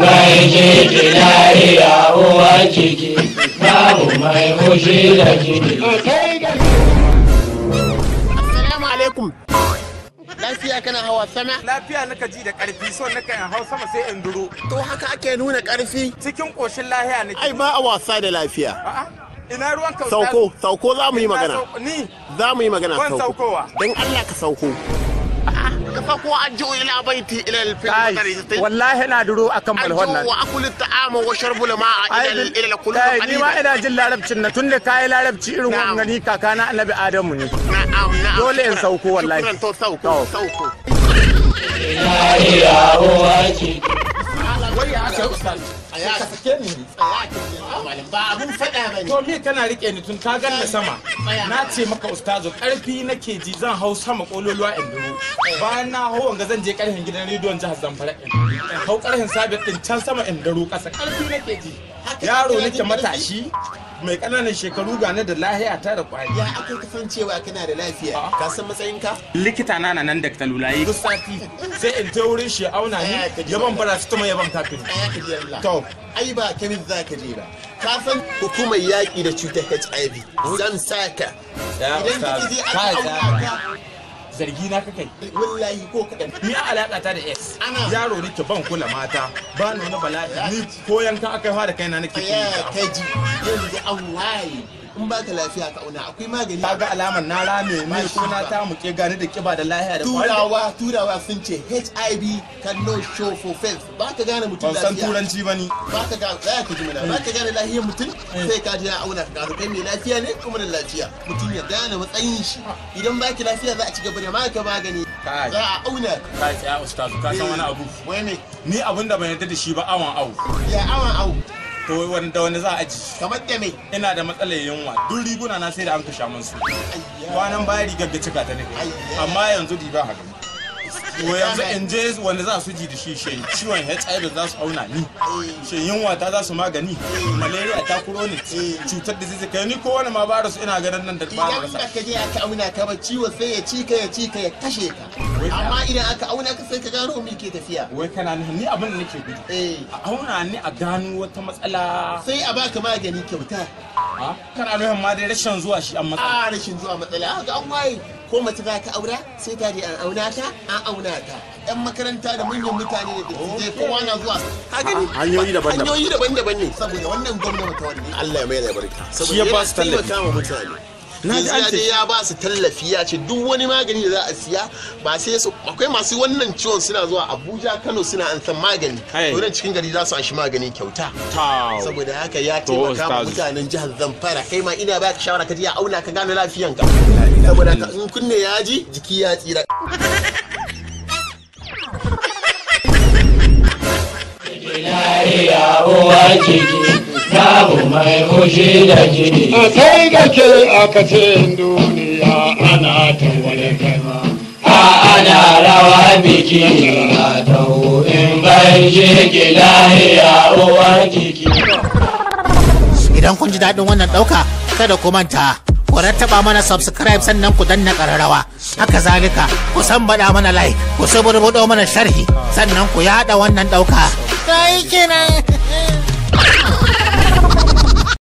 mai kiki lahiya uwa kiki babu mai fushi da kiki assalamu alaikum lafiya kana hawa sama lafiya naka ji da karfi son naka in hau sama sai in duro to haka ake nuna karfi cikin koshin lahiya ne ai ba a wasa da lafiya ina ruwan kauta sauko sauko za mu yi magana ni za mu yi magana sauko don Allah ka sauko ka fako an ji ila bai ti ila akan balwan nan wa akulu ni ma ina jin larabcin na tunda kai larabci irin wannan ni kakana annabi adamu ne dole in sauko wallahi shukran to sauko sauko ilahi ya wa ki ya aka ustaz a ya sake ni malam ba faɗa to me kana rike ni tun ka ganna sama na ce maka ustazo karfi nake ji zan hau sama kololuwa in duro bayan na hau wanga zan je karhin gidan rediyon jihar Zamfara in hau karhin sabit din can sama in duro ƙasa nake ji yaro nake matashi mai ƙananan shekaru gane da lahiya ta da kwari. Ya akai kafin cewa kana da lafiya, ah. ka san matsayin ka? Likita na na nan da talulayi. Duk sai in ta wurin shi auna ni yaban eh, ya yaban kafin. Eh, to, ai ba kemis za ka je ba. Ka san hukumar yaƙi da cutar HIV. Zan sa ka. Idan ka aka ka zargi na kake wallahi ko kadan ni a alaka ta da s yaro nake ban kula mata ba ni wani bala'i ni ko yankan akai fa da kaina nake kai ji yanzu an waye in ba ka lafiya ka auna akwai magani ka ga alamar na rame mai ko na ta muke gani da kiba da lahiya da turawa turawa sun ce hiv can no show for face ba ka gane mutum lafiya ban san turanci ba ni ba ka gane za ka ji mana ba ka gane lafiyar mutum eh. sai ka je auna ka gano kai mai lafiya ne kuma da lafiya mutum ya gane matsayin shi idan ba ki lafiya za a ci gaba da maka magani za a auna ka a ustazu ka san wani eh. abu wai ne ni abinda ban yarda da shi ba awan au ya awan au to da wani za a ji kamar da me ina da matsalar yunwa duk riguna na sai da an kasha mun su kwanan baya rigar da cika ta ne amma yanzu di ba haka Wayanzu yanzu in je wanda za su ji da shi shi ciwon hiv za su auna ni shi yunwa ta za su magani malaria ta kuro ni cutar da zai kai ni ko wani ma su ina ganin nan da ba idan ka je aka auna ka ba ciwo sai ya ci ka ya ci ka ya kashe ka amma idan aka auna ka sai ka gano me ke tafiya wai kana ni ni abin da nake gudu eh. a auna ni a gano wata matsala sai a baka magani kyauta kana nufin ma dai rashin zuwa shi an matsala a ah, rashin zuwa matsala ga an waye ko mace za ka aura sai ta je an auna ta na auna ta yan makaranta da manyan mutane da dattijai kowa na zuwa ah, hanyoyi daban-daban ne saboda wannan gwamnati wannan Allah ya mai da barka saboda ya ba su tallafi mutane na ya ba su tallafi ya ce duk wani magani da za a siya ba sai su akwai masu wannan ciwon suna zuwa Abuja Kano suna an san magani cikin gari za su shi magani kyauta saboda haka ya taimaka ma mutanen jihar Zamfara kai ma ina ba ka shawara ka je ya auna ka gane ka saboda in kunne ya ji jiki ya tsira uwa jiki samu mai fushi da jini a kai da ke aka duniya ana ta wani kama a ana rawa biki a taho in bai shi lahiya uwa jiki idan kun ji daɗin wannan ɗauka kada ku manta ku rattaba mana subscribe sannan ku danna kararrawa haka zalika ku san bada mana like ku saburbudo mana sharhi sannan ku yada wannan dauka